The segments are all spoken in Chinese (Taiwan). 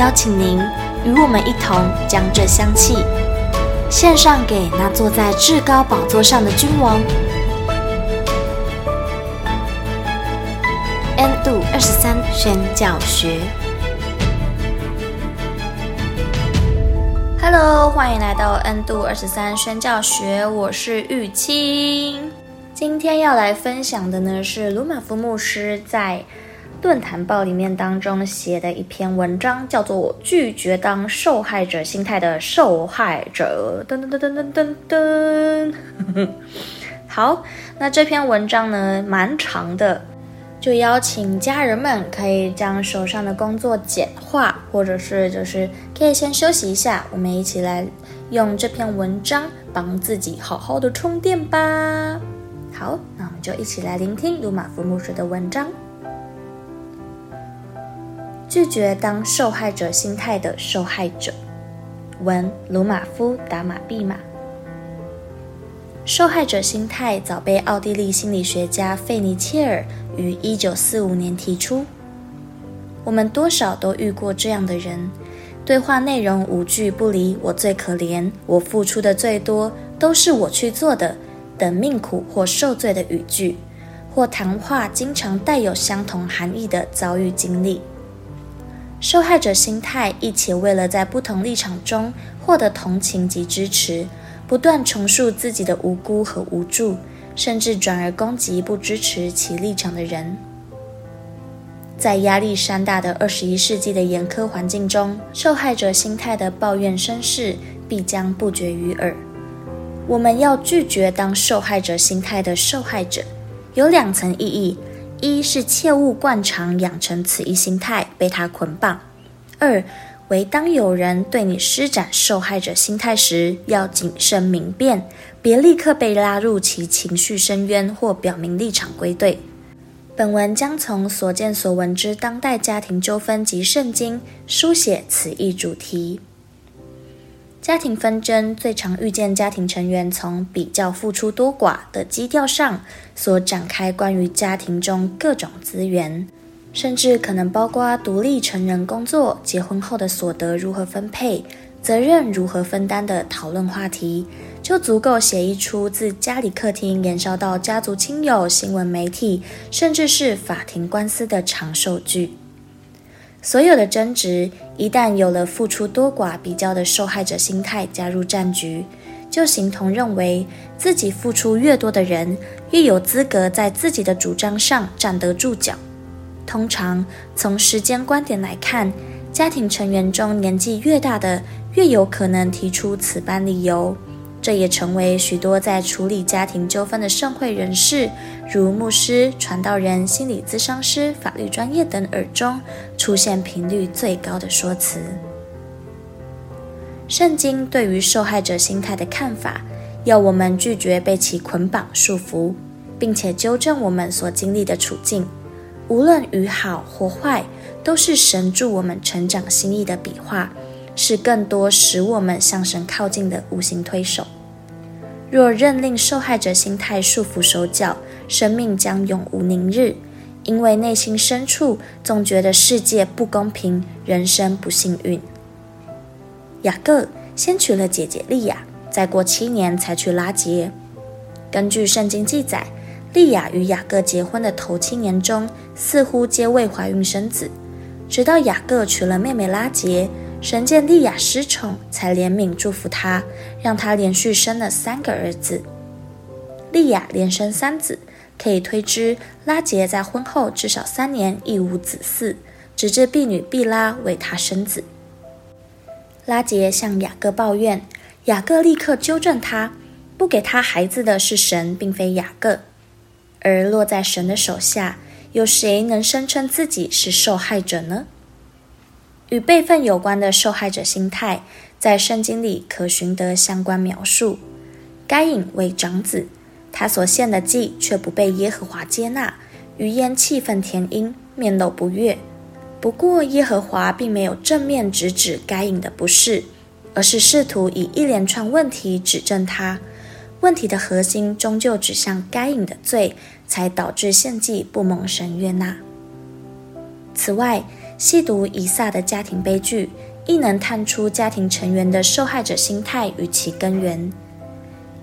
邀請您與我們一同將這香氣獻上給那坐在至高寶座上的君王。n 度二十三宣教學，Hello，歡迎來到 n 度二十三宣教學，我是玉清，今天要來分享的呢是魯馬夫牧師在。《論壇報》裡面當中寫的一篇文章，叫做《拒絕當受害者心態的受害者》。噔噔噔噔噔噔噔。 好，那這篇文章呢蠻長的，就邀請家人們可以將手上的工作簡化，或者是就是可以先休息一下，我們一起來用這篇文章幫自己好好的充電吧。好，那我們就一起來聆聽魯瑪夫牧師的文章。拒絕當受害者心態的受害者。文魯馬夫達馬畢馬。受害者心態早被奧地利心理學家費尼切爾於一九四五年提出。 我們多少都遇過這樣的人，對話內容無句不離“我最可憐，我付出的最多，都是我去做的”等命苦或受罪的語句，或談話經常帶有相同含義的遭遇經歷。受害者心態，一切為了在不同立場中獲得同情及支持，不斷重述自己的無辜和無助，甚至轉而攻擊不支持其立場的人。在壓力山大的二十一世紀的嚴苛環境中，受害者心態的抱怨聲勢必將不絕於耳。我們要拒絕當受害者心態的受害者，有兩層意義。一是切勿慣常養成此一心態，被它捆綁；二，唯當有人對你施展受害者心態時，要謹慎明辨，別立刻被拉入其情緒深淵或表明立場歸隊。本文將從所見所聞之當代家庭糾紛及聖經書寫此一主題。家庭紛爭最常遇見家庭成員從比較付出多寡的基調上所展開，關於家庭中各種資源，甚至可能包括獨立成人工作、結婚後的所得如何分配、責任如何分擔的討論話題，就足夠寫一出自家裡客廳延燒到家族親友、新聞媒體，甚至是法庭官司的長壽劇。所有的爭執，一旦有了付出多寡比較的受害者心態加入戰局，就形同認為自己付出越多的人，越有資格在自己的主張上站得住腳。通常從時間觀點來看，家庭成員中年紀越大的，越有可能提出此般理由。這也成為許多在處理家庭糾紛的社會人士，如牧師、傳道人、心理諮商師、法律專業等耳中出現頻率最高的說辭。聖經對於受害者心態的看法，要我們拒絕被其捆綁束縛，並且糾正我們所經歷的處境，無論與好或壞，都是神助我們成長心意的筆畫。是更多使我們向神靠近的無形推手。若任令受害者心態束縛手腳，生命將永無寧日，因為內心深處總覺得世界不公平，人生不幸運。雅各先娶了姐姐利亞，再過七年才娶拉結。根據聖經記載，利亞與雅各結婚的頭七年中，似乎皆未懷孕生子，直到雅各娶了妹妹拉結。神見利亞失寵，才憐憫祝福他，讓他連續生了三個兒子。利亞連生三子，可以推知拉結在婚後至少三年一無子嗣，直至婢女辟拉為他生子。拉結向雅各抱怨，雅各立刻糾正他：不給他孩子的是神，並非雅各。而落在神的手下，有誰能聲稱自己是受害者呢？與輩分有關的受害者心態，在聖經裡可尋得相關描述。該隱為長子，他所獻的祭卻不被耶和華接納，於焉氣憤填膺，面露不悅。不過，耶和華並沒有正面直指該隱的不是，而是試圖以一連串問題指證他。問題的核心終究指向該隱的罪，才導致獻祭不蒙神悅納。此外，細讀以撒的家庭悲劇，亦能探出家庭成員的受害者心態與其根源。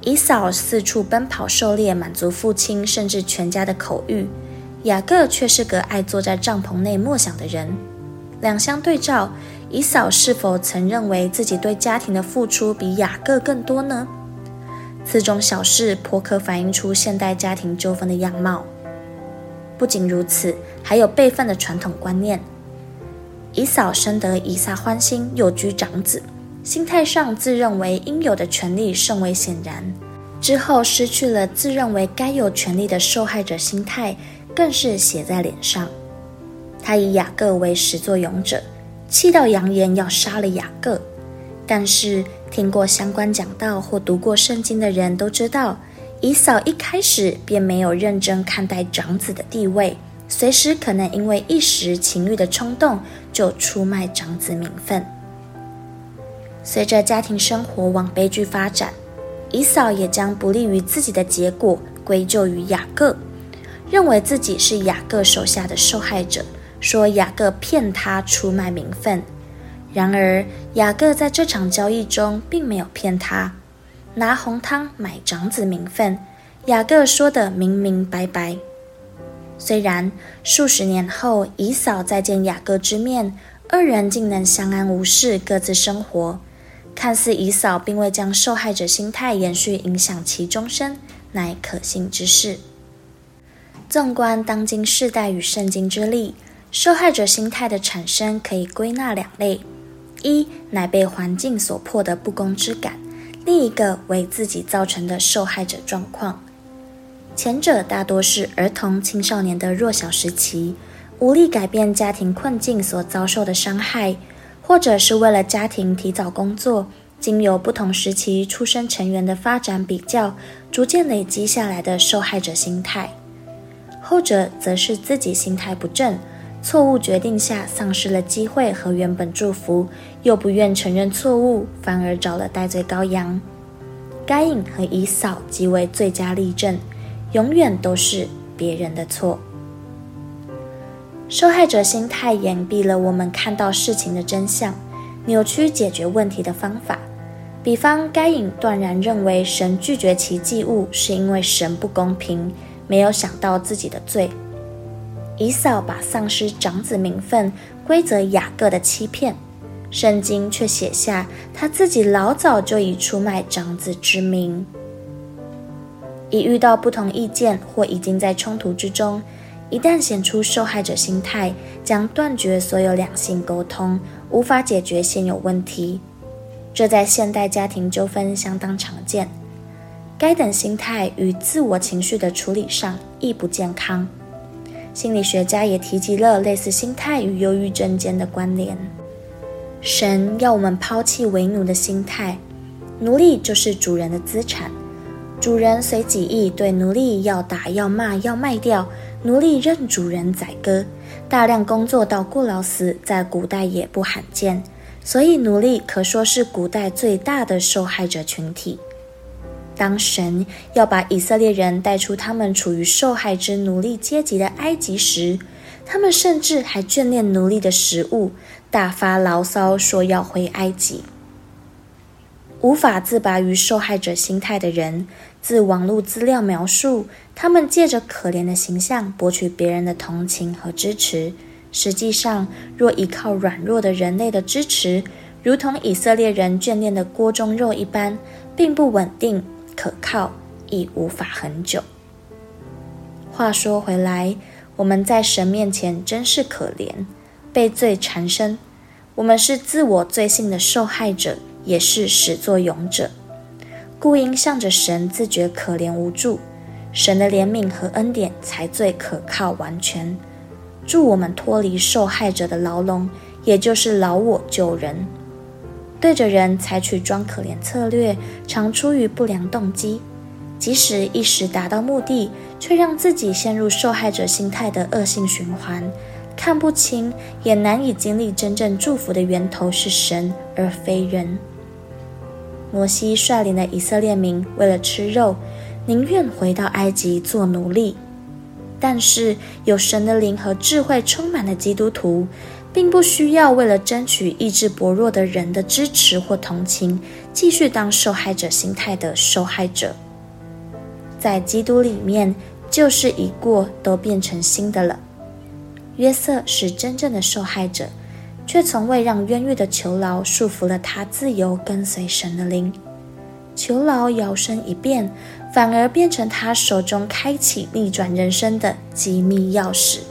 以掃四處奔跑狩獵，滿足父親甚至全家的口欲；雅各卻是個愛坐在帳篷內默想的人。兩相對照，以掃是否曾認為自己對家庭的付出比雅各更多呢？此種小事頗可反映出現代家庭糾紛的樣貌。不僅如此，還有輩分的傳統觀念。以掃深得以撒歡心，又居長子，心態上自認為應有的權利甚為顯然。之後失去了自認為該有權利的受害者心態，更是寫在臉上。他以雅各為始作俑者，氣到揚言要殺了雅各。但是聽過相關講道或讀過聖經的人都知道。以掃一開始便沒有認真看待長子的地位，隨時可能因為一時情欲的衝動就出賣長子名分。隨着家庭生活往悲劇發展，以掃也將不利於自己的結果歸咎於雅各，認為自己是雅各手下的受害者，說雅各騙他出賣名分。然而，雅各在這場交易中並沒有騙他。拿紅湯買長子名分，雅各說得明明白白。雖然數十年後，以掃再見雅各之面，二人竟能相安無事，各自生活，看似以掃並未將受害者心態延續影響其終身，乃可信之事。縱觀當今世代與聖經之力，受害者心態的產生可以歸納兩類：一乃被環境所迫的不公之感。另一個為自己造成的受害者狀況，前者大多是兒童、青少年的弱小時期，無力改變家庭困境所遭受的傷害，或者是為了家庭提早工作，經由不同時期出生成員的發展比較，逐漸累積下來的受害者心態；後者則是自己心態不正。錯誤決定下喪失了機會和原本祝福，又不願承認錯誤，反而找了代罪羔羊。該隱和以掃即為最佳例證，永遠都是別人的錯。受害者心態掩蔽了我們看到事情的真相，扭曲解決問題的方法。比方，該隱斷然認為神拒絕其祭物是因為神不公平，沒有想到自己的罪。以掃把喪失長子名分歸責雅各的欺騙，聖經卻寫下他自己老早就已出賣長子之名。一遇到不同意見或已經在衝突之中，一旦顯出受害者心態，將斷絕所有兩性溝通，無法解決現有問題。這在現代家庭糾紛相當常見。該等心態與自我情緒的處理上亦不健康。心理學家也提及了類似心態與憂鬱症間的關聯。神要我們拋棄為奴的心態，奴隸就是主人的資產，主人隨己意對奴隸要打要罵要賣掉，奴隸任主人宰割。大量工作到過勞死在古代也不罕見，所以奴隸可說是古代最大的受害者群體。當神要把以色列人帶出他們處於受害之奴隸階級的埃及時，他們甚至還眷戀奴隸的食物，大發牢騷，說要回埃及。無法自拔於受害者心態的人，自網絡資料描述，他們借着可憐的形象博取別人的同情和支持。實際上，若依靠軟弱的人類的支持，如同以色列人眷戀的鍋中肉一般，並不穩定。可靠亦無法恆久。話說回來，我們在神面前真是可憐，被罪纏身。我們是自我罪性的受害者，也是始作俑者，故應向着神自覺可憐無助。神的憐憫和恩典才最可靠完全，助我們脫離受害者的牢籠，也就是老我救人。對着人採取裝可憐策略，常出於不良動機，即使一時達到目的，卻讓自己陷入受害者心態的惡性循環，看不清也難以經歷真正祝福的源頭是神而非人。摩西率領的以色列民為了吃肉，寧願回到埃及做奴隸，但是有神的靈和智慧充滿了基督徒。並不需要為了爭取意志薄弱的人的支持或同情，繼續當受害者心態的受害者。在基督裡面，舊事已過，都變成新的了。約瑟是真正的受害者，卻從未讓冤獄的囚牢束縛了他自由跟隨神的靈。囚牢搖身一變，反而變成他手中開啟逆轉人生的機密鑰匙。